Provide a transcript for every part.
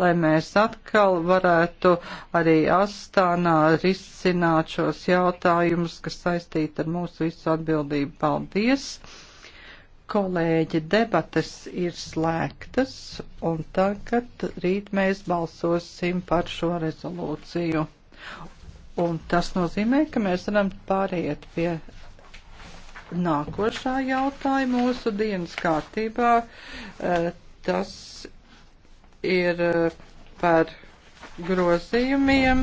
lai mēs atkal varētu arī astānā risināt šos jautājumus, kas saistīti ar mūsu visu atbildību. Paldies! Kolēģi, debates ir slēgtas, un tagad rīt mēs balsosim par šo rezolūciju. Un tas nozīmē, ka mēs varam pāriet pie nākošā jautājuma mūsu dienas kārtībā. Eh, tas ir eh, par grozījumiem.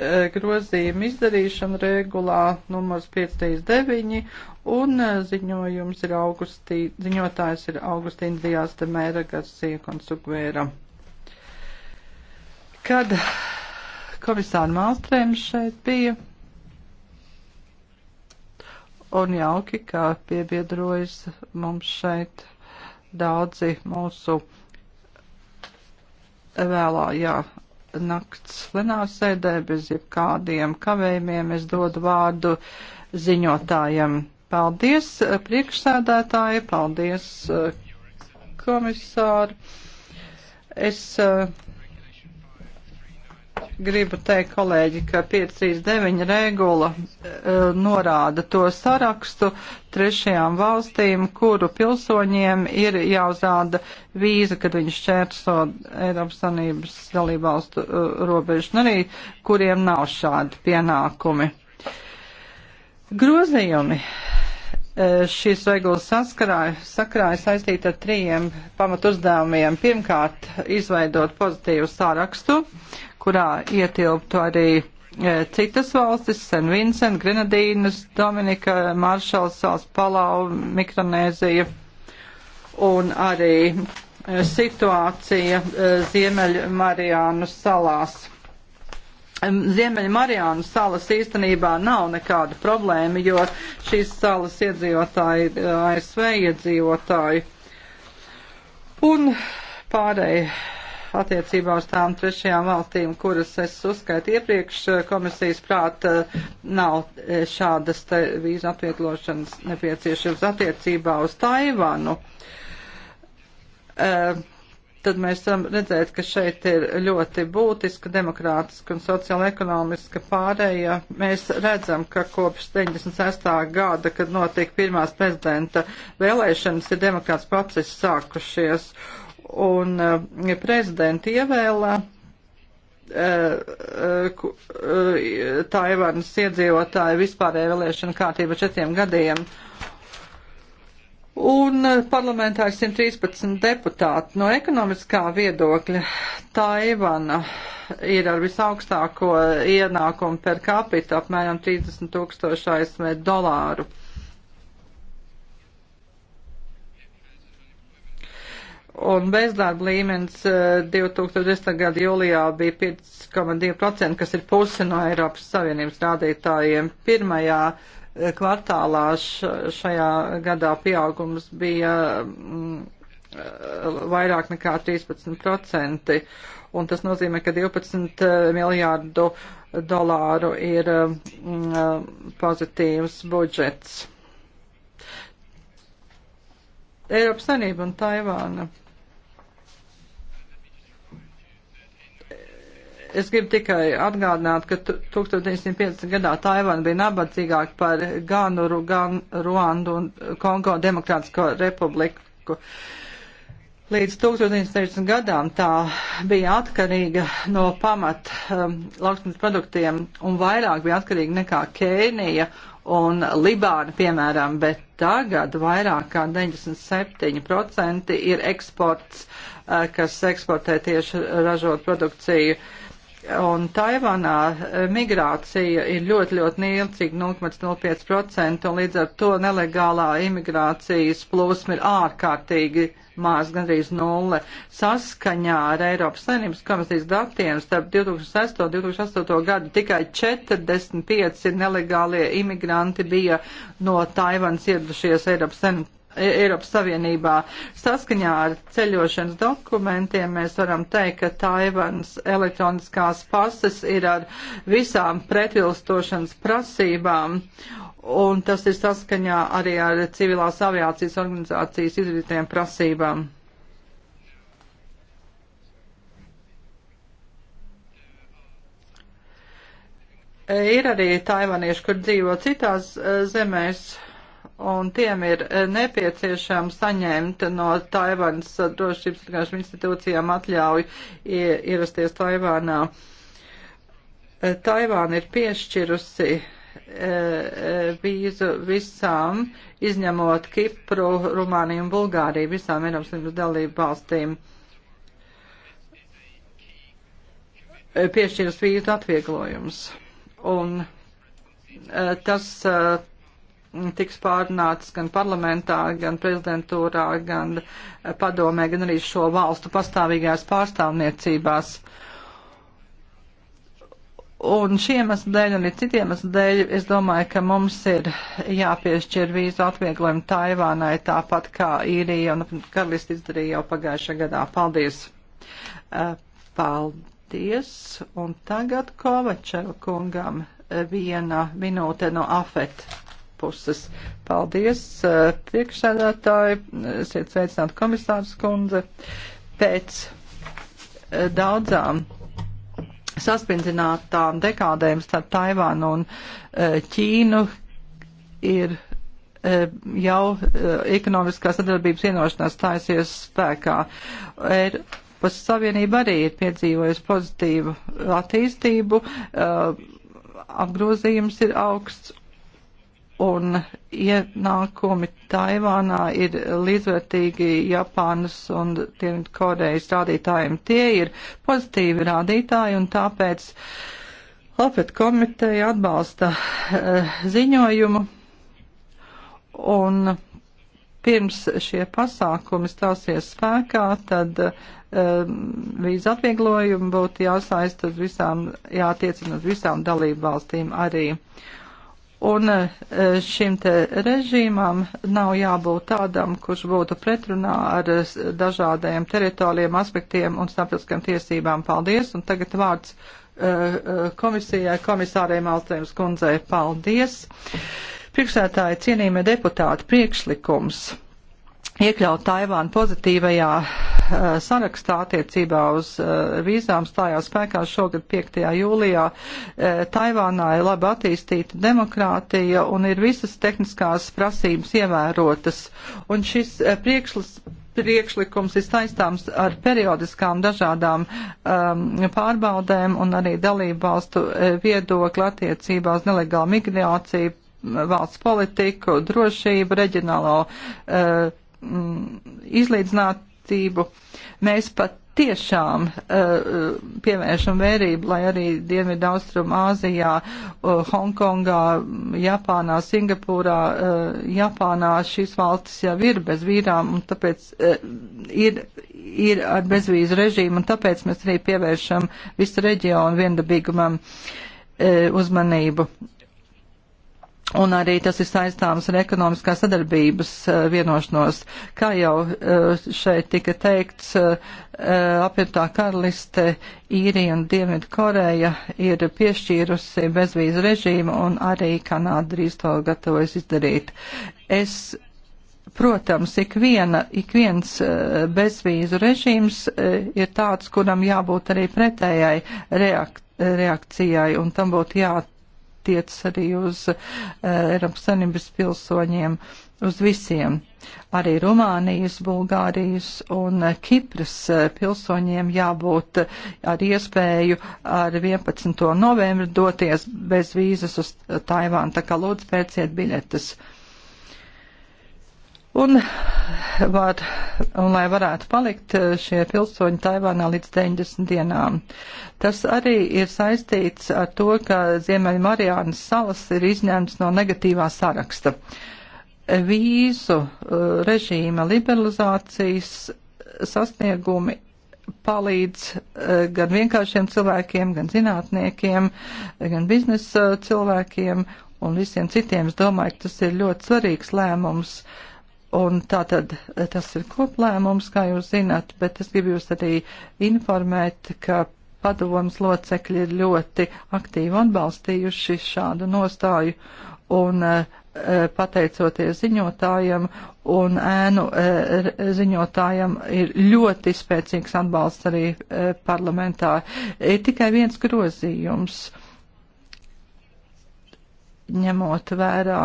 Eh, grozījuma izdarīšana regulā numurs 539 un eh, ziņojums ir augustī, ziņotājs ir Augustīns Dijās de Mēra Garcija Konsukvēra. Kad komisāra Malstrēms šeit bija, un jauki, kā piebiedrojas mums šeit Daudzi mūsu vēlājā nakts plenārsēdē bez jebkādiem kavējumiem es dodu vārdu ziņotājiem. Paldies, priekšsēdētāji, paldies, komisāri. Es uh, gribu teikt, kolēģi, ka 539 regula uh, norāda to sarakstu trešajām valstīm, kuru pilsoņiem ir jāuzrāda vīza, kad viņš šķērso Eiropas Sanības dalību valstu uh, e, robežu, un arī kuriem nav šādi pienākumi. Grozījumi e, šīs regulas sakrāja saistīta ar trījiem pamatuzdevumiem. Pirmkārt, izveidot pozitīvu sārakstu, kurā ietilptu arī e, citas valstis, Sen Vincent, Grenadīnas, Dominika, Maršals, Sals Palau, Mikronēzija un arī e, situācija e, Ziemeļu Marijānu salās. Ziemeļa Marijānu salas īstenībā nav nekāda problēma, jo šīs salas iedzīvotāji ir ASV iedzīvotāji. Un pārējie attiecībā uz tām trešajām valstīm, kuras es uzskaitu iepriekš eh, komisijas prāta, eh, nav eh, šādas vīzu atvieglošanas nepieciešams attiecībā uz Taivānu. Tad mēs varam redzēt, ka šeit ir ļoti būtiska demokrātiska un sociāla-ekonomiska pārēja. Mēs redzam, ka kopš 96. gada, kad notika pirmās prezidenta vēlēšanas, ir demokrāts procesi sākušies. Uh, un eh, prezidenta ievēlē. Eh, eh, Taivānas iedzīvotāju vispārēja vēlēšana kārtība četriem gadiem. Un parlamentā ir 113 deputāti. No ekonomiskā viedokļa Taivana ir ar visaugstāko ienākumu per capita apmēram 30 tūkstoši ASV dolāru un bezdarba līmenis 2010. Eh, gada jūlijā bija 5,2%, kas ir puse no Eiropas Savienības rādītājiem. Pirmajā eh, kvartālā šajā gadā pieaugums bija mm, eh, vairāk nekā 13%, un tas nozīmē, ka 12 miljārdu dolāru ir mm, pozitīvs budžets. Eiropas Sanība un Taivāna. Es gribu tikai atgādināt, ka 1950. gadā Taivāna bija nabadzīgāka par Ganu, Gan, Ruandu un Kongo Demokrātisko republiku. Uh, Līdz 1960 gadām tā bija atkarīga no pamat um, lauksmes produktiem un vairāk bija atkarīga nekā Kēnija un Libāna, piemēram, bet tagad vairāk kā 97% ir eksports, uh, kas eksportē tieši ražot produkciju Un Taivanā eh, migrācija ir ļoti, ļoti niecīga 0,05%, nu, un līdz ar to nelegālā imigrācijas plūsma ir ārkārtīgi maz, gandrīz nulle. Saskaņā ar Eiropas Savienības komisijas datiem starp 2006 un 2008 gadu tikai 45 nelegālie imigranti bija no Taivans ieradušies Eiropas Savienības E, Eiropas Savienībā. Saskaņā ar ceļošanas dokumentiem mēs varam teikt, ka Taivans elektroniskās pases ir ar visām pretvilstošanas prasībām. Un tas ir saskaņā arī ar civilās aviācijas organizācijas izvirzītajām prasībām. E, ir arī taivanieši, kur dzīvo citās e, zemēs, un tiem ir eh, nepieciešams saņemt no Taivānas drošības sargājušām institūcijām atļauju ierasties Taivānā. Eh, Taivāna ir piešķirusi eh, vīzu visām, izņemot Kipru, Rumāniju un Bulgāriju, visām Eiropas Savienības dalību valstīm. Piešķirs vīzu atvieglojums. Un tas tiks pārunātas gan parlamentā, gan prezidentūrā, gan padomē, gan arī šo valstu pastāvīgās pārstāvniecībās. Un šiem iemeslu dēļ un ir citiem iemeslu dēļ es domāju, ka mums ir jāpiešķir vīzu atvieglojumu Taivānai tāpat kā īrija un karalisti izdarīja jau pagājušajā gadā. Paldies! Eh, paldies! Un tagad Kovačeva kungam viena minūte no afet puses. Paldies, eh, priekšsēdētāji, esiet sveicināti komisārs kundze. Pēc eh, daudzām sasprindzinātām dekādēm starp Taivānu un eh, Ķīnu ir jau ekonomiskā sadarbības vienošanās stājusies spēkā. Eiropas Savienība arī ir piedzīvojusi pozitīvu attīstību, apgrozījums ir augsts un ienākumi Taivānā ir līdzvērtīgi Japānas un Dienvidkorejas rādītājiem. Tie ir pozitīvi rādītāji un tāpēc Lopet komiteja atbalsta uh, ziņojumu un pirms šie pasākumi stāsies spēkā, tad um, vīzu atvieglojumi būtu jāsaist uz visām, jātiecina uz visām dalību valstīm arī. Uh, Un e, šim te režīmam nav jābūt tādam, kurš būtu pretrunā ar e, dažādajiem teritorijiem, aspektiem un starptautiskajām tiesībām. Paldies! Un tagad vārds e, komisijai, komisāriem Alstrēms kundzei. Paldies! Priekšsētāji cienījumie deputāti priekšlikums iekļaut Taivānu pozitīvajā Eh, sarakstā attiecībā uz eh, vīzām stājās spēkā šogad 5. jūlijā. Eh, Taivānā ir labi attīstīta demokrātija un ir visas tehniskās prasības ievērotas. Un šis priekšlis priekšlikums ir saistāms ar periodiskām dažādām um, pārbaudēm un arī dalību valstu viedokli attiecībā uz nelegālu migrāciju, valsts politiku, drošību, reģionālo uh, um, izlīdzināt attīstību. Mēs pat tiešām uh, eh, pievēršam vērību, lai arī Dienvidu Austrum Āzijā, uh, Hongkongā, Japānā, Singapūrā, uh, Japānā šīs valstis jau ir bez vīrām un tāpēc uh, ir, ir ar bezvīzu režīmu un tāpēc mēs arī pievēršam visu reģionu viendabīgumam uh, uzmanību. Un arī tas ir saistāms ar ekonomiskā sadarbības eh, vienošanos. Kā jau eh, šeit tika teikts, eh, apvienotā karaliste, Īrija un Dienvidu Koreja ir piešķīrusi bezvīzu režīmu un arī Kanāda drīz to gatavojas izdarīt. Es, protams, ik, viena, ik viens bezvīzu režīms ir tāds, kuram jābūt arī pretējai reakcijai reakcijai, un tam būtu jāatbalsta attiec arī uz eh, Eiropas Savienības pilsoņiem, uz visiem, arī Rumānijas, Bulgārijas un eh, Kipras eh, pilsoņiem jābūt ar iespēju ar 11. novembri doties bez vīzas uz Taivānu, tā kā lūdzu pērciet biļetes. Uh, Un, var, un lai varētu palikt eh, šie pilsoņi Taivānā līdz 90 dienām. Tas arī ir saistīts ar to, ka Ziemeļa Marijānas salas ir izņemts no negatīvā saraksta. Vīzu eh, režīma liberalizācijas sasniegumi palīdz eh, gan vienkāršiem cilvēkiem, gan zinātniekiem, gan biznesa cilvēkiem un visiem citiem. Es domāju, ka tas ir ļoti svarīgs lēmums. Uh, Un tā tad eh, tas ir koplēmums, kā jūs zināt, bet es gribu jūs arī informēt, ka padomas locekļi ir ļoti aktīvi atbalstījuši šādu nostāju un e, pateicoties ziņotājiem un ēnu e, ziņotājiem ir ļoti spēcīgs atbalsts arī e, parlamentā. Ir tikai viens grozījums, ņemot vērā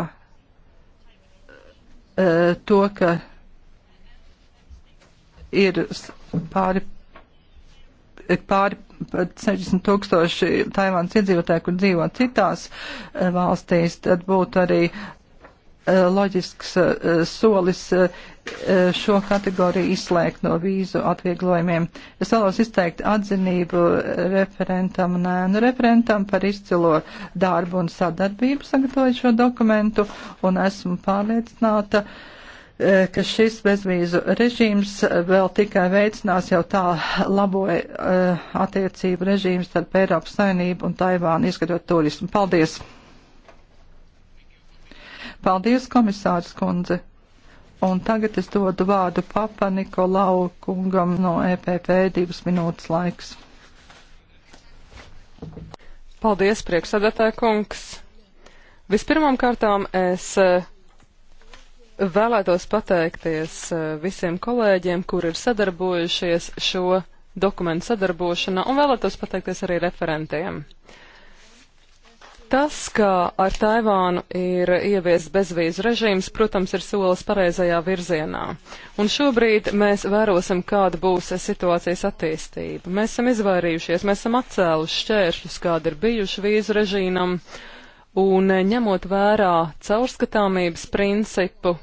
Eh, to, ka ir pāri, eh, pāri 60 tūkstoši Taivānas iedzīvotāji, kur dzīvo citās eh, valstīs, tad būtu arī Eh, loģisks eh, solis eh, šo kategoriju izslēgt no vīzu atvieglojumiem. Es vēlos izteikt atzinību referentam un ēnu referentam par izcilo darbu un sadarbību sagatavojot šo dokumentu, un esmu pārliecināta, ka šis bezvīzu režīms vēl tikai veicinās jau tā laboja attiecību režīms starp Eiropas Savienību un Taivānu, izskatot turismu. Paldies! Paldies, komisārs kundze! Un tagad es dodu vārdu Papa Nikolau kungam no EPP divas minūtes laiks. Paldies, priekšsēdētāja kungs! Vispirmām kārtām es eh, vēlētos pateikties eh, visiem kolēģiem, kur ir sadarbojušies šo dokumentu sadarbošanā, un vēlētos pateikties arī referentiem. Uh, Tas, ka ar Taivānu ir ieviests bezvīzu režīms, protams, ir solis pareizajā virzienā. Un šobrīd mēs vērosim, kāda būs situācijas attīstība. Mēs esam izvairījušies, mēs esam atcēluši šķēršļus, kāda ir bijuši vīzu režīmam, un ņemot vērā caurskatāmības principu,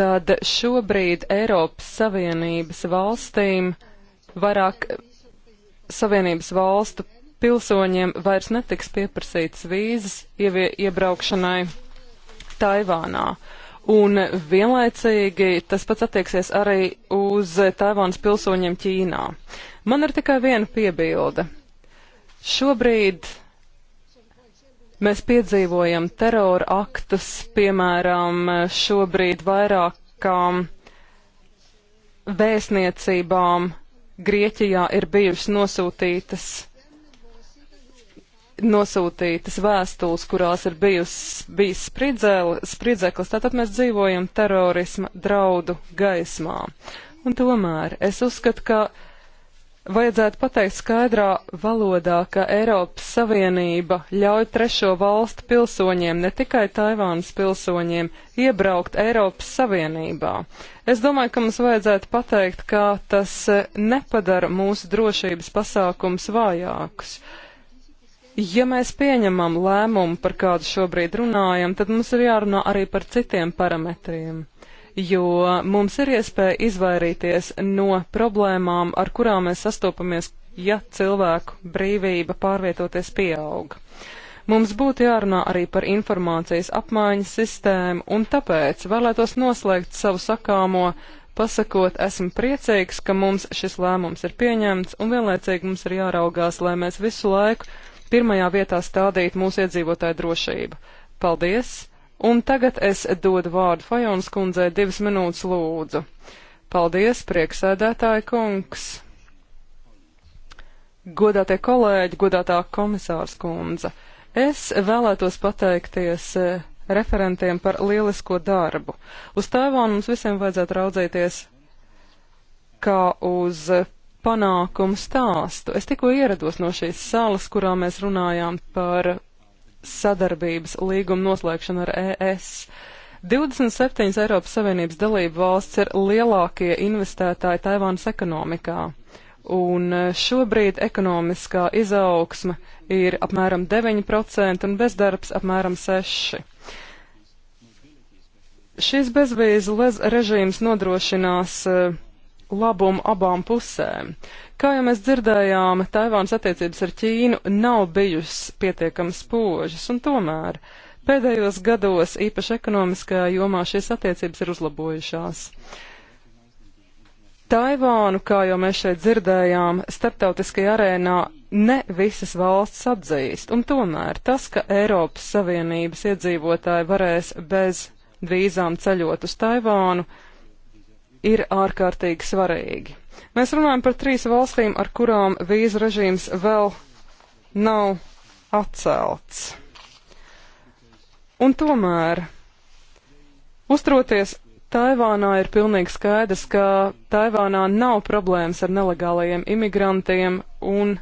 tad šobrīd Eiropas Savienības valstīm vairāk Savienības valstu pilsoņiem vairs netiks pieprasītas vīzas ievie, iebraukšanai Taivānā. Un vienlaicīgi tas pats attieksies arī uz Taivānas pilsoņiem Ķīnā. Man ir tikai viena piebilde. Šobrīd mēs piedzīvojam terora aktus, piemēram, šobrīd vairākām vēstniecībām Grieķijā ir bijušas nosūtītas nosūtītas vēstules, kurās ir bijusi, bijis spridzēle, spridzeklis, tātad mēs dzīvojam terorisma draudu gaismā. Un tomēr es uzskatu, ka Vajadzētu pateikt skaidrā valodā, ka Eiropas Savienība ļauj trešo valstu pilsoņiem, ne tikai Taivānas pilsoņiem, iebraukt Eiropas Savienībā. Es domāju, ka mums vajadzētu pateikt, ka tas nepadara mūsu drošības pasākums vājākus. Ja mēs pieņemam lēmumu, par kādu šobrīd runājam, tad mums ir jārunā arī par citiem parametriem, jo mums ir iespēja izvairīties no problēmām, ar kurām mēs sastopamies, ja cilvēku brīvība pārvietoties pieauga. Mums būtu jārunā arī par informācijas apmaiņas sistēmu, un tāpēc vēlētos noslēgt savu sakāmo pasakot, esmu priecīgs, ka mums šis lēmums ir pieņemts, un vienlaicīgi mums ir jāraugās, lai mēs visu laiku pirmajā vietā stādīt mūsu iedzīvotāju drošību. Paldies! Un tagad es dodu vārdu Fajons kundzei divas minūtes lūdzu. Paldies, prieksēdētāji kungs! Godātie kolēģi, godātā komisārs kundze, es vēlētos pateikties e, referentiem par lielisko darbu. Uz Taivānu mums visiem vajadzētu raudzīties kā uz panākumu stāstu. Es tikko ierados no šīs salas, kurā mēs runājām par sadarbības līgumu noslēgšanu ar e ES. 27 Eiropas Savienības dalību valsts ir lielākie investētāji Taivānas ekonomikā, un e, šobrīd ekonomiskā izaugsme ir apmēram 9% un bezdarbs apmēram 6%. Šis bezvīzu režīms nodrošinās uh, labumu abām pusēm. Kā jau mēs dzirdējām, Taivānas attiecības ar Ķīnu nav bijusi pietiekami spožas, un tomēr pēdējos gados īpaši ekonomiskajā jomā šīs attiecības ir uzlabojušās. Taivānu, kā jau mēs šeit dzirdējām, starptautiskajā arēnā ne visas valsts atzīst, un tomēr tas, ka Eiropas Savienības iedzīvotāji varēs bez vīzām ceļot uz Taivānu, ir ārkārtīgi svarīgi. Mēs runājam par trīs valstīm, ar kurām vīzu režīms vēl nav atcelts. Un tomēr, uztroties Taivānā, ir pilnīgi skaidrs, ka Taivānā nav problēmas ar nelegālajiem imigrantiem un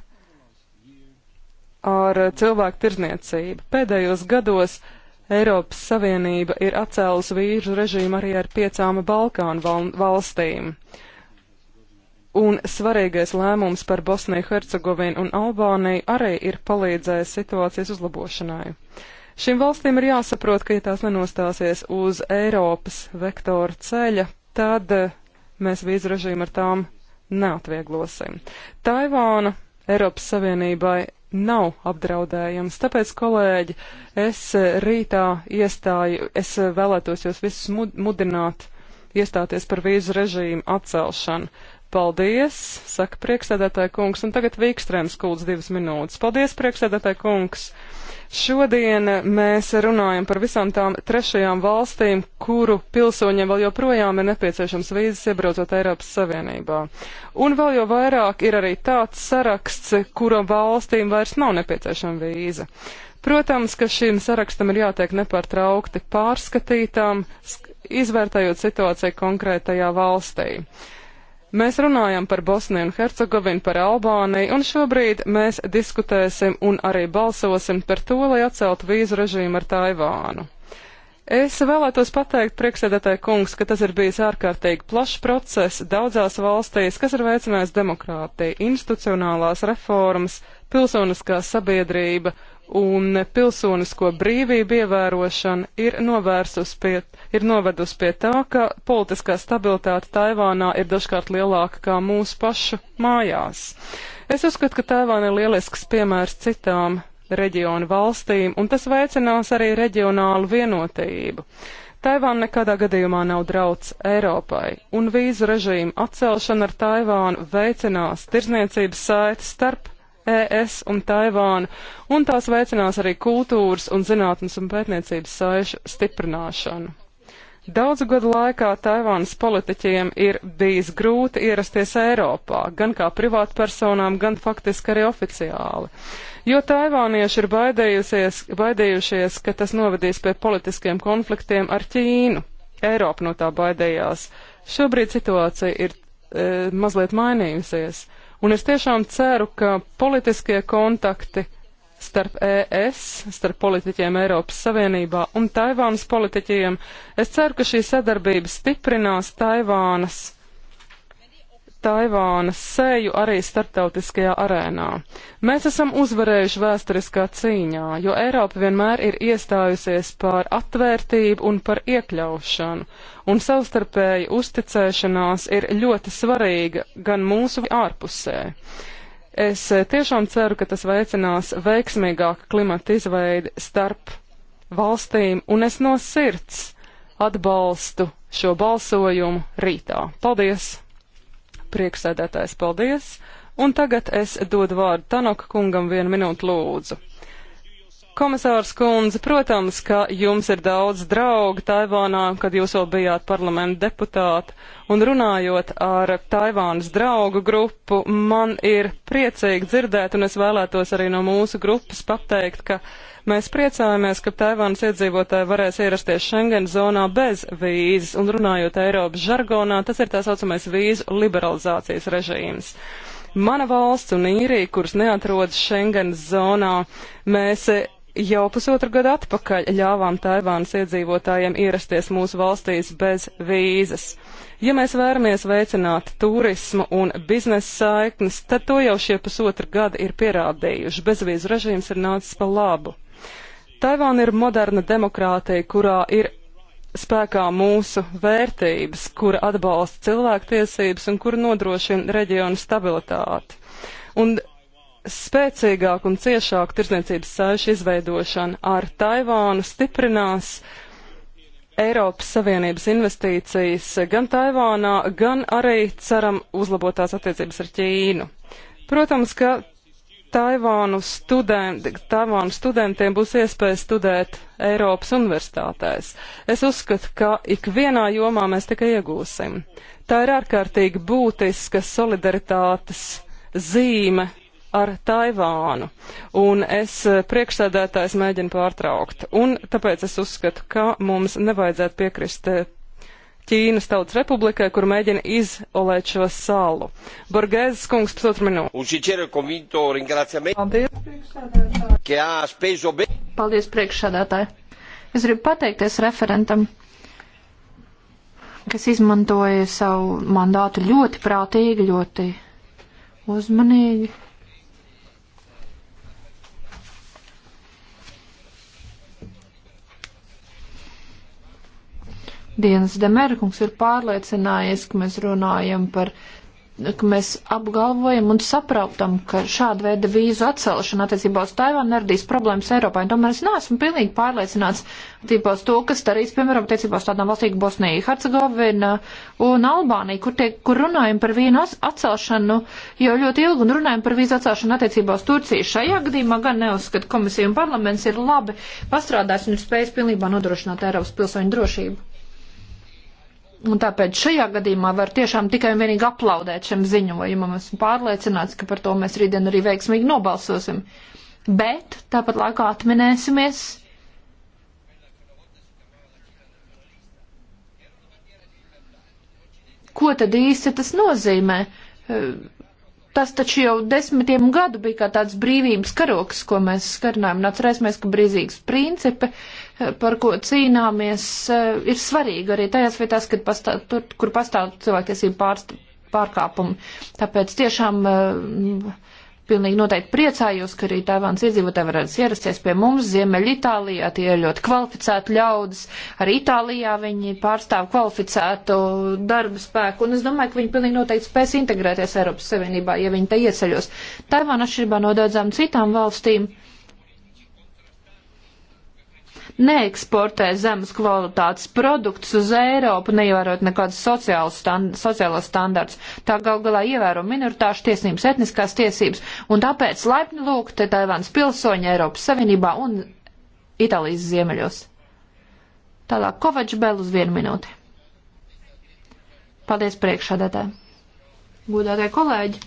ar cilvēku tirzniecību. Pēdējos gados uh, Eiropas Savienība ir atcēlusi vīzu režīmu arī ar piecām Balkānu val valstīm. Un svarīgais lēmums par Bosniju, Hercegovinu un Albāniju arī ir palīdzējis situācijas uzlabošanai. Šīm valstīm ir jāsaprot, ka ja tās nenostāsies uz Eiropas vektora ceļa, tad eh, mēs vīzu režīmu ar tām neatvieglosim. Taivāna Eiropas Savienībai nav apdraudējams. Tāpēc, kolēģi, es rītā iestāju, es vēlētos jūs visus mudināt iestāties par vīzu režīmu atcelšanu. Paldies, saka priekšsēdētāja kungs, un tagad Vīkstrēms kūdz divas minūtes. Paldies, priekšsēdētāja kungs! Šodien mēs runājam par visām tām trešajām valstīm, kuru pilsoņiem vēl joprojām ir nepieciešams vīzes iebraucot Eiropas Savienībā. Un vēl jau vairāk ir arī tāds saraksts, kura valstīm vairs nav nepieciešama vīza. Protams, ka šim sarakstam ir jātiek nepārtraukti pārskatītām, izvērtējot situāciju konkrētajā valstī. Uh, Mēs runājam par Bosniju un Hercegovinu, par Albāniju, un šobrīd mēs diskutēsim un arī balsosim par to, lai atceltu vīzu režīmu ar Taivānu. Es vēlētos pateikt priekšsēdētāji kungs, ka tas ir bijis ārkārtīgi plašs process daudzās valstīs, kas ir veicinājis demokrātiju, institucionālās reformas, pilsoniskā sabiedrība un pilsonisko brīvību ievērošana ir, pie, ir novedus pie tā, ka politiskā stabilitāte Taivānā ir dažkārt lielāka kā mūsu pašu mājās. Es uzskatu, ka Taivāna ir lielisks piemērs citām reģionu valstīm, un tas veicinās arī reģionālu vienotību. Taivāna nekādā gadījumā nav drauds Eiropai, un vīzu režīmu atcelšana ar Taivānu veicinās tirzniecības saites starp ES un Taivānu, un tās veicinās arī kultūras un zinātnes un pētniecības saišu stiprināšanu. Daudzu gadu laikā Taivānas politiķiem ir bijis grūti ierasties Eiropā, gan kā privātpersonām, gan faktiski arī oficiāli, jo taivānieši ir baidījušies, ka tas novedīs pie politiskiem konfliktiem ar Ķīnu. Eiropa no tā baidījās. Šobrīd situācija ir e, mazliet mainījusies. Un es tiešām ceru, ka politiskie kontakti starp ES, starp politiķiem Eiropas Savienībā un Taivānas politiķiem, es ceru, ka šī sadarbība stiprinās Taivānas Taivānas seju arī starptautiskajā arēnā. Mēs esam uzvarējuši vēsturiskā cīņā, jo Eiropa vienmēr ir iestājusies par atvērtību un par iekļaušanu, un savstarpēji uzticēšanās ir ļoti svarīga gan mūsu ārpusē. Es tiešām ceru, ka tas veicinās veiksmīgāku klimata izveidi starp valstīm, un es no sirds atbalstu šo balsojumu rītā. Paldies! Prieksēdētājs, paldies! Un tagad es dodu vārdu Tanoka kungam vienu minūtu lūdzu. Komisārs kundze, protams, ka jums ir daudz draugu Taivānā, kad jūs vēl bijāt parlamenta deputāti, un runājot ar Taivānas draugu grupu, man ir priecīgi dzirdēt, un es vēlētos arī no mūsu grupas pateikt, ka Mēs priecājamies, ka Taivānas iedzīvotāji varēs ierasties Schengen zonā bez vīzes, un runājot Eiropas žargonā, tas ir tā saucamais vīzu liberalizācijas režīms. Mana valsts un īrija, kuras neatrodas Schengen zonā, mēs jau pusotru gadu atpakaļ ļāvām Taivānas iedzīvotājiem ierasties mūsu valstīs bez vīzes. Ja mēs vēlamies veicināt turismu un biznesa saiknes, tad to jau šie pusotru gadi ir pierādījuši. Bezvīzu režīms ir nācis pa labu. Taivāna ir moderna demokrātija, kurā ir spēkā mūsu vērtības, kura atbalsta cilvēktiesības un kura nodrošina reģionu stabilitāti. Un spēcīgāk un ciešāk tirsniecības sēžu izveidošana ar Taivānu stiprinās Eiropas Savienības investīcijas gan Taivānā, gan arī ceram uzlabotās attiecības ar Ķīnu. Protams, ka Taivānu, studenti, Taivānu studentiem būs iespēja studēt Eiropas universitātēs. Es uzskatu, ka ikvienā jomā mēs tikai iegūsim. Tā ir ārkārtīgi būtiska solidaritātes zīme ar Taivānu. Un es eh, priekšsēdētājs mēģinu pārtraukt. Un tāpēc es uzskatu, ka mums nevajadzētu piekrist eh, Ķīnas Tautas Republikai, kur mēģina izolēt šo salu. Borgēzes kungs, pusotru minūti. Paldies, priekšsādātāji. Es gribu pateikties referentam kas izmantoja savu mandātu ļoti prātīgi, ļoti uzmanīgi. Dienas Demērkungs ir pārliecinājies, ka mēs runājam par, ka mēs apgalvojam un saprautam, ka šāda veida vīzu atcelšana attiecībā uz Taivānu neradīs problēmas Eiropai. Un tomēr es neesmu pilnīgi pārliecināts attiecībā uz to, kas darīs, piemēram, attiecībā uz tādām valstīm kā Bosnija, Hercegovina un Albānija, kur, tiek, kur runājam par vīnu atcelšanu jau ļoti ilgi un runājam par vīzu atcelšanu attiecībā uz Turciju. Šajā gadījumā gan neuzskatu komisija un parlaments ir labi pastrādājis un ir spējis pilnībā nodrošināt Eiropas pilsoņu drošību. Un tāpēc šajā gadījumā var tiešām tikai un vienīgi aplaudēt šim ziņojumam. Esmu pārliecināts, ka par to mēs rītdien arī veiksmīgi nobalsosim. Bet tāpat laikā atminēsimies, ko tad īsti tas nozīmē Tas taču jau desmitiem gadu bija kā tāds brīvības karoks, ko mēs skarinājām. Nu, atcerēsimies, ka brīzīgas principi, eh, par ko cīnāmies, eh, ir svarīgi arī tajās vietās, kad pastāv, tur, kur pastāv cilvēktiesību pārkāpumi. Tāpēc tiešām uh, pilnīgi noteikti priecājos, ka arī Taivāns iedzīvotāji varētu ierasties pie mums Ziemeļitālijā. Tie ir ļoti kvalificēti ļaudis. Arī Itālijā viņi pārstāv kvalificētu darba spēku. Un es domāju, ka viņi pilnīgi noteikti spēs integrēties Eiropas Savienībā, ja viņi te ieceļos. Taivāna atšķirībā no daudzām citām valstīm neeksportē zemes kvalitātes produktus uz Eiropu, neievērot nekādus stand, sociālos standarts. Tā gal galā ievēro minoritāšu tiesības, etniskās tiesības, un tāpēc laipni lūgt te Taivāns pilsoņi Eiropas Savienībā un Itālijas ziemeļos. Tālāk Kovačs Bēl uz vienu minūti. Paldies priekšādētāji. Godātie kolēģi!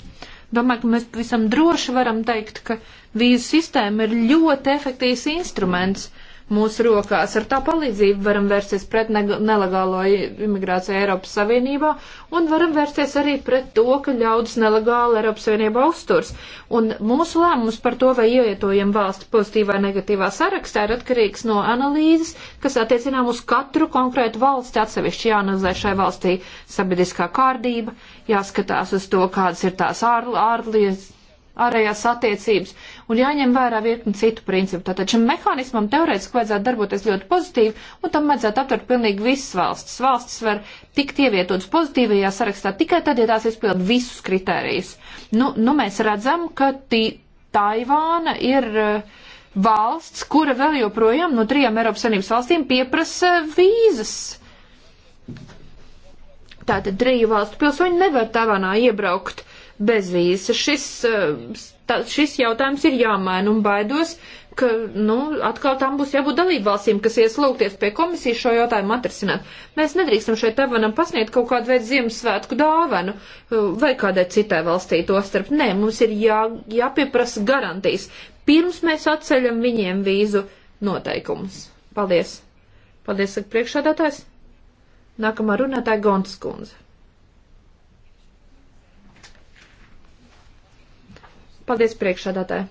domāju, ka mēs visam droši varam teikt, ka vīzu sistēma ir ļoti efektīvs instruments, mūsu rokās. Ar tā palīdzību varam vērsties pret nelegālo imigrāciju Eiropas Savienībā un varam vērsties arī pret to, ka ļaudis nelegāli Eiropas Savienībā uzturs. Un mūsu lēmums par to, vai ievietojam valsts pozitīvā vai negatīvā sarakstā, ir atkarīgs no analīzes, kas attiecinām uz katru konkrētu valsti atsevišķi jāanalizē šai valstī sabiedriskā kārdība, jāskatās uz to, kādas ir tās ārlietas. Ārl ārējās attiecības un jāņem vērā virkni citu principu. Tātad šim mehānismam teorētiski vajadzētu darboties ļoti pozitīvi un tam vajadzētu aptvert pilnīgi visas valstis. Valstis var tikt ievietotas pozitīvajā sarakstā tikai tad, ja tās izpild visus kritērijus. Nu, nu mēs redzam, ka tī, Taivāna ir eh, valsts, kura vēl joprojām no trijām Eiropas Savienības valstīm pieprasa eh, vīzas. Tātad triju valstu pilsoņi nevar Taivānā iebraukt bez vīzas. Šis, eh, tā, šis jautājums ir jāmaina un baidos, ka, nu, atkal tam būs jābūt dalību valstīm, kas ieslūgties pie komisijas šo jautājumu atrisināt. Mēs nedrīkstam šeit Taivanam pasniegt kaut kādu veidu Ziemassvētku dāvanu eh, vai kādai citai valstī to starp. Nē, mums ir jā, jāpieprasa garantijas. Pirms mēs atceļam viņiem vīzu noteikumus. Paldies! Paldies, saka priekšādātājs. Nākamā runātāja Gontas kundze. Paldies priekšādātāji.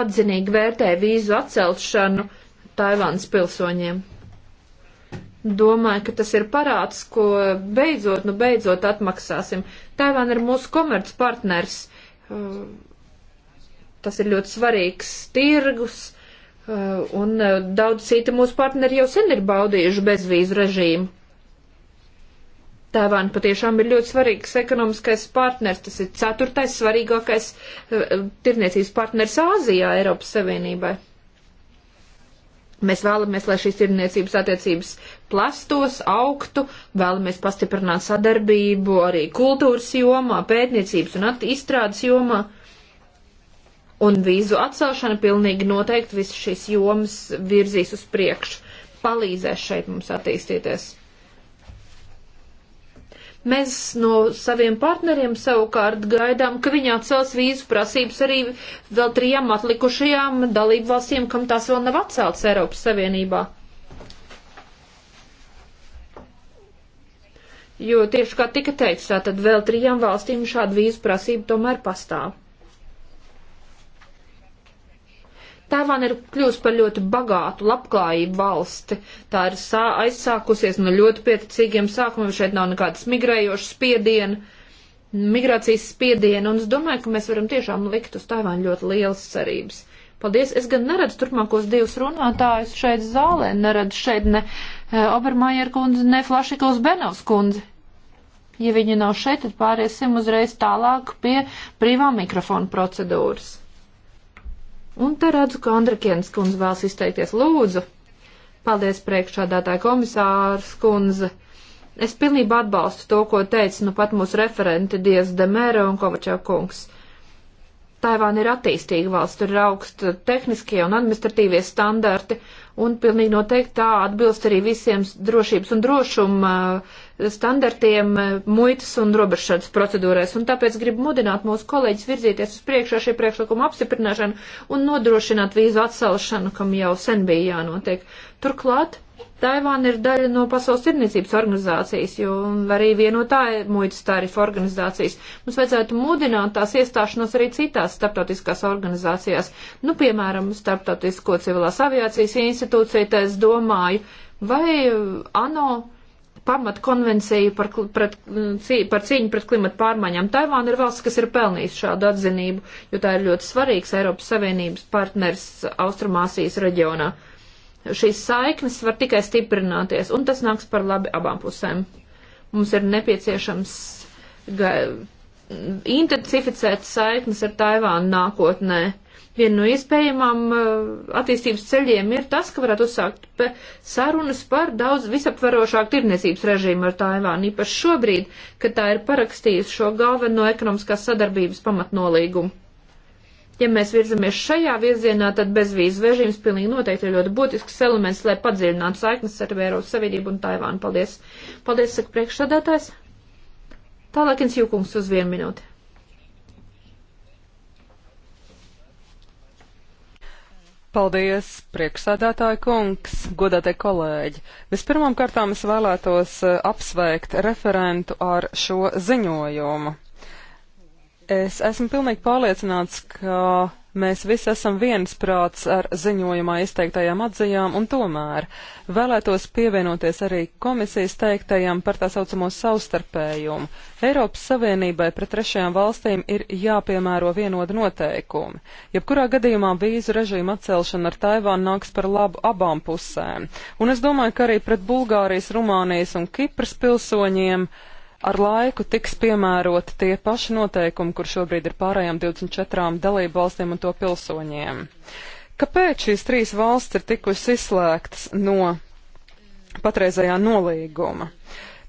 Atzinīgi vērtē vīzu atcelšanu Taivānas pilsoņiem. Domāju, ka tas ir parāds, ko beidzot, nu beidzot atmaksāsim. Taivāna ir mūsu komercpartners. Tas ir ļoti svarīgs tirgus. Un daudz citi mūsu partneri jau sen ir baudījuši bezvīzu režīmu. Taivāna patiešām ir ļoti svarīgs ekonomiskais partners, tas ir ceturtais svarīgākais eh, tirniecības partners Āzijā Eiropas Savienībai. Mēs vēlamies, lai šīs tirniecības attiecības plastos, augtu, vēlamies pastiprināt sadarbību arī kultūras jomā, pētniecības un izstrādes jomā. Un vīzu atcelšana pilnīgi noteikti visas šīs jomas virzīs uz priekšu, palīdzēs šeit mums attīstīties. Mēs no saviem partneriem savukārt gaidām, ka viņi atcels vīzu prasības arī vēl trijām atlikušajām dalību valstīm, kam tās vēl nav atceltas Eiropas Savienībā. Jo tieši kā tika teikts, tātad vēl trijām valstīm šāda vīzu prasība tomēr pastāv. Tāvāna ir kļūst par ļoti bagātu, labklājību valsti. Tā ir sā, aizsākusies no ļoti pieticīgiem sākumiem, šeit nav nekādas migrējošas spiediena, migrācijas spiediena, un es domāju, ka mēs varam tiešām likt uz Tāvānu ļoti lielas cerības. Paldies, es gan neredzu turpmākos divus runātājus šeit zālē, neredzu šeit ne eh, Obermajer kundzi, ne Flašikovs Benovs kundzi. Ja viņi nav šeit, tad pāriesim uzreiz tālāk pie privā mikrofona procedūras. Un te redzu, ka Andrikienas kundze vēlas izteikties. Lūdzu! Paldies, priekšādātāja komisārs kundze! Es pilnībā atbalstu to, ko teica nu pat mūsu referenti Dievs Demēra un Kovačev kungs. Taivāna ir attīstīga valsts, tur ir augsta tehniskie un administratīvie standarti, un pilnīgi noteikti tā atbilst arī visiem drošības un drošuma uh, standartiem eh, muitas un robežsardas procedūrēs. Un tāpēc gribu mudināt mūsu kolēģis virzīties uz priekšu ar šī priekšlikuma apstiprināšanu un nodrošināt vīzu atcelšanu, kam jau sen bija jānotiek. Turklāt Taivāna ir daļa no Pasaules tirniecības organizācijas, jo arī vienotā muitas tarifu organizācijas. Mums vajadzētu mudināt tās iestāšanos arī citās starptautiskās organizācijās. Nu, piemēram, Starptautisko civilās aviācijas institūcija, tā es domāju, vai ANO pamatkonvenciju par, pret, mm, par cīņu pret klimatu pārmaiņām. Taivāna ir valsts, kas ir pelnījusi šādu atzinību, jo tā ir ļoti svarīgs Eiropas Savienības partners Austrumāsijas reģionā. Šīs saiknes var tikai stiprināties, un tas nāks par labi abām pusēm. Mums ir nepieciešams mm, intensificēt saiknes ar Taivānu nākotnē Viena no iespējamām eh, attīstības ceļiem ir tas, ka varētu uzsākt sarunas par daudz visaptverošāku tirniecības režīmu ar Taivānu, īpaši šobrīd, kad tā ir parakstījusi šo galveno ekonomiskās sadarbības pamatnolīgumu. Ja mēs virzamies šajā virzienā, tad bezvīzu režīms pilnīgi noteikti ir ļoti būtisks elements, lai padziļinātu saiknes ar Eiropas Savienību un Taivānu. Paldies! Paldies, saka priekšsādātājs! Tālāk jums jūkums uz vienu minūti. Paldies, priekšsēdētāja kungs, godātie kolēģi. Vispirmām kārtām es vēlētos eh, apsveikt referentu ar šo ziņojumu. Es esmu pilnīgi pārliecināts, ka Mēs visi esam viensprāts ar ziņojumā izteiktajām atzījām, un tomēr vēlētos pievienoties arī komisijas teiktajām par tā saucamo savstarpējumu. Eiropas Savienībai pret trešajām valstīm ir jāpiemēro vienoda noteikumi. Jebkurā gadījumā vīzu režīmu atcelšana ar Taivānu nāks par labu abām pusēm, un es domāju, ka arī pret Bulgārijas, Rumānijas un Kipras pilsoņiem uh, ar laiku tiks piemēroti tie paši noteikumi, kur šobrīd ir pārējām 24 dalību valstīm un to pilsoņiem. Kāpēc šīs trīs valsts ir tikusi izslēgtas no patreizējā nolīguma?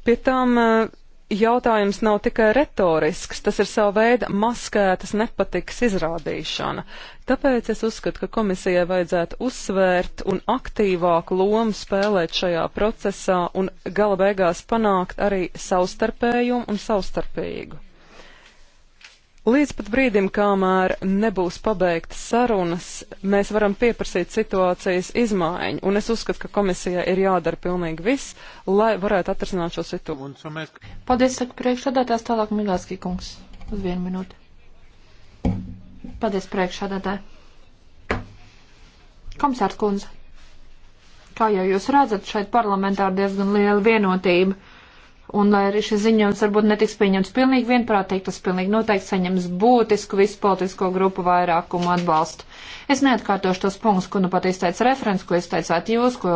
Pie tām uh, jautājums nav tikai retorisks, tas ir sava veida maskētas nepatikas izrādīšana. Tāpēc es uzskatu, ka komisijai vajadzētu uzsvērt un aktīvāku lomu spēlēt šajā procesā un gala beigās panākt arī savstarpējumu un savstarpīgu. Līdz pat brīdim, kamēr nebūs pabeigtas sarunas, mēs varam pieprasīt situācijas izmaiņu, un es uzskatu, ka komisijai ir jādara pilnīgi viss, lai varētu atrasināt šo situāciju. Mēs... Paldies, saka priekšsādātājs, tālāk Migālskī kungs. Uz vienu minūti. Paldies, priekšsādātāji. Komisārs kundze, kā jau jūs redzat, šeit parlamentā ir diezgan liela vienotība Un lai arī šis ziņojums varbūt netiks pieņemts pilnīgi vienprātīgi, tas pilnīgi noteikti saņems būtisku visu politisko grupu vairākumu atbalstu. Es neatkārtošu tos punktus, ko nu pat izteica referents, ko izteicāt jūs, ko,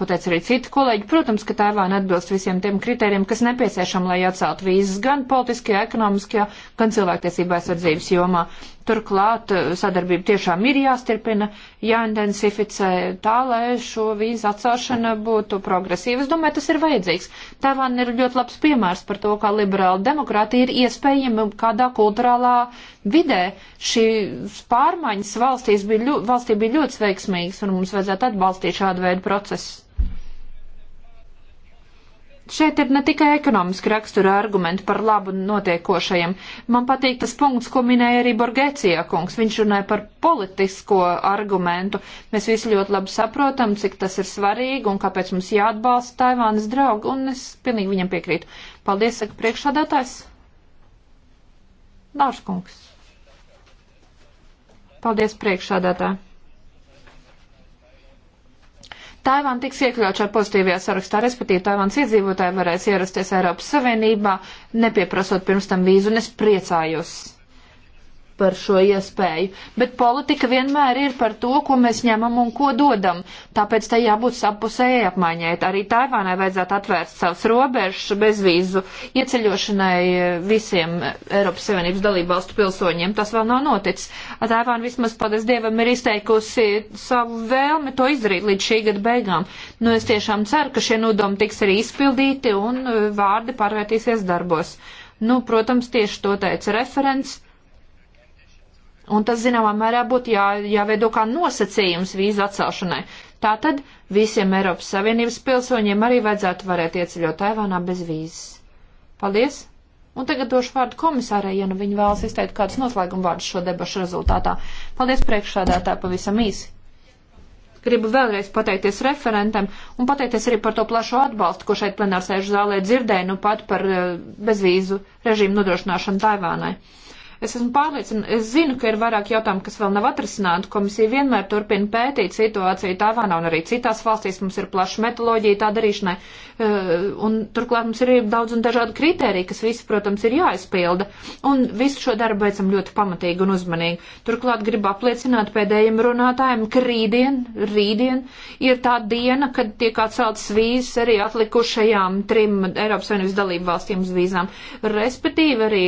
ko teica arī citi kolēģi. Protams, ka Taivāna atbilst visiem tiem kritērijiem, kas nepieciešami, lai atceltu vīzas gan politiskajā, ekonomiskajā, gan cilvēktiesībā aizsardzības jomā. Turklāt eh, sadarbība tiešām ir jāstirpina, jāintensificē tā, lai šo vīzu atcelšana būtu progresīva. Es domāju, tas ir vajadzīgs. Taivāna ir ļoti labs piemērs par to, kā liberāla demokrātija ir iespējama kādā kulturālā vidē. Šīs pārmaiņas valstīs bija, ļu, valstī bija ļoti veiksmīgas, un mums vajadzētu atbalstīt šādu veidu procesu. Šeit ir ne tikai ekonomiski rakstura argumenti par labu notiekošajam. Man patīk tas punkts, ko minēja arī Borgēcijā kungs. Viņš runāja par politisko argumentu. Mēs visi ļoti labi saprotam, cik tas ir svarīgi un kāpēc mums jāatbalsta Taivānas draugi, un es pilnīgi viņam piekrītu. Paldies, saka priekšādātājs. Dārs kungs. Paldies, priekšādātāji. Taivāna tiks iekļauts šajā pozitīvajā sarakstā, respektīvi Taivāns iedzīvotāji varēs ierasties Eiropas Savienībā, nepieprasot pirms tam vīzu, un es priecājos par šo iespēju, bet politika vienmēr ir par to, ko mēs ņemam un ko dodam. Tāpēc tai jābūt sapusēji apmaiņai. Arī Taivānai vajadzētu atvērt savus robežus bezvīzu ieceļošanai eh, visiem Eiropas Savienības dalību valstu pilsoņiem. Tas vēl nav noticis. Taivāna vismaz, paldies Dievam, ir izteikusi savu vēlmi to izdarīt līdz šī gada beigām. Nu, es tiešām ceru, ka šie nodomi tiks arī izpildīti un eh, vārdi pārvērtīsies darbos. Nu, protams, tieši to teica referents Un tas, zināmā mērā, būtu jā, jāveido kā nosacījums vīzu atcelšanai. Tātad visiem Eiropas Savienības pilsoņiem arī vajadzētu varēt ieceļot Taivānā bez vīzes. Paldies! Un tagad došu vārdu komisārai, ja nu viņa vēlas izteikt kādus noslēguma vārdus šo debašu rezultātā. Paldies priekšādātā pavisam īsi! Gribu vēlreiz pateikties referentam un pateikties arī par to plašo atbalstu, ko šeit plenārsēžu zālē dzirdēju, nu pat par eh, bezvīzu režīmu nodrošināšanu Taivānai. Es esmu pārliecināta, es zinu, ka ir vairāk jautājumu, kas vēl nav atrisināti. Komisija vienmēr turpina pētīt situāciju Tāvānā un arī citās valstīs. Mums ir plaša metoloģija tā darīšanai. Eh, un turklāt mums ir daudz un dažādi kriteriji, kas visi, protams, ir jāizpilda. Un visu šo darbu veicam ļoti pamatīgi un uzmanīgi. Turklāt gribu apliecināt pēdējiem runātājiem, ka rītdien, rītdien ir tā diena, kad tiek atceltas vīzes arī atlikušajām trim Eiropas Savienības dalību valstīm uz vīzām. Respektīvi arī,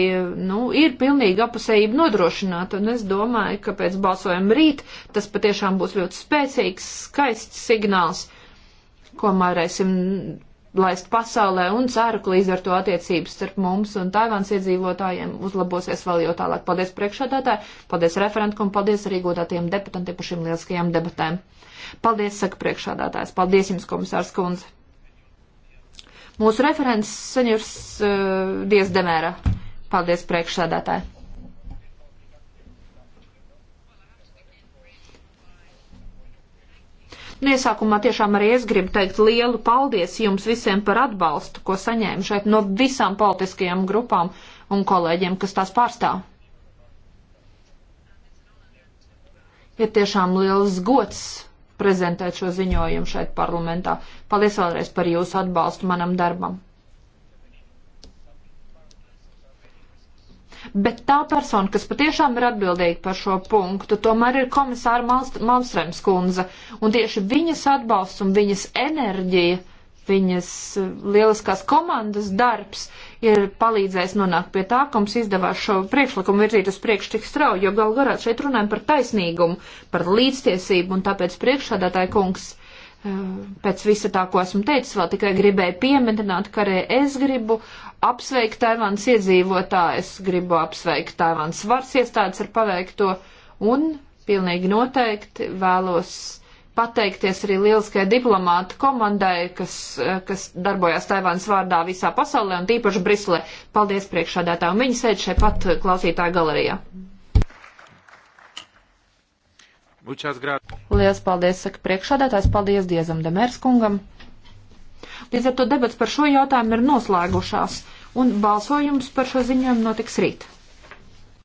nu, ir pilnīgi apusējība nodrošināta, un es domāju, ka pēc balsojuma rīt tas patiešām būs ļoti spēcīgs, skaists signāls, ko mērēsim laist pasaulē, un ceru, ka līdz ar to attiecības starp mums un Taivāns iedzīvotājiem uzlabosies vēl jau tālāk. Paldies priekšādātāji, paldies referentkum, paldies arī godātiem deputantiem par šīm lieliskajām debatēm. Paldies, saka priekšādātājs, paldies jums, komisārs Kunze. Mūsu referents senjurs uh, eh, Dievs Demēra. Paldies priekšsādātāji. Nu, iesākumā tiešām arī es gribu teikt lielu paldies jums visiem par atbalstu, ko saņēmu šeit no visām politiskajām grupām un kolēģiem, kas tās pārstāv. Ir tiešām liels gods prezentēt šo ziņojumu šeit parlamentā. Paldies vēlreiz par jūsu atbalstu manam darbam. bet tā persona, kas patiešām ir atbildīga par šo punktu, tomēr ir komisāra Malmstrēms kundze, un tieši viņas atbalsts un viņas enerģija, viņas eh, lieliskās komandas darbs ir palīdzējis nonākt pie tā, ka mums izdevās šo priekšlikumu virzīt uz priekšu tik strauji, jo gal galā šeit runājam par taisnīgumu, par līdztiesību, un tāpēc priekšsādātāja kungs Pēc visa tā, ko esmu teicis, vēl tikai gribēju pieminēt, ka arī es gribu apsveikt Taivānas iedzīvotājus, gribu apsveikt Taivānas varas iestādes ar paveikto un pilnīgi noteikti vēlos pateikties arī lieliskai diplomātu komandai, kas, kas darbojās Taivānas vārdā visā pasaulē un tīpaši Briselē. Paldies priekšādētā un viņi sēž šeit pat klausītāju galerijā. Mm. Lielas paldies, saka priekšādātājs, paldies Diezam Demērs kungam. Līdz ar to debats par šo jautājumu ir noslēgušās, un balsojums par šo ziņojumu notiks rīt.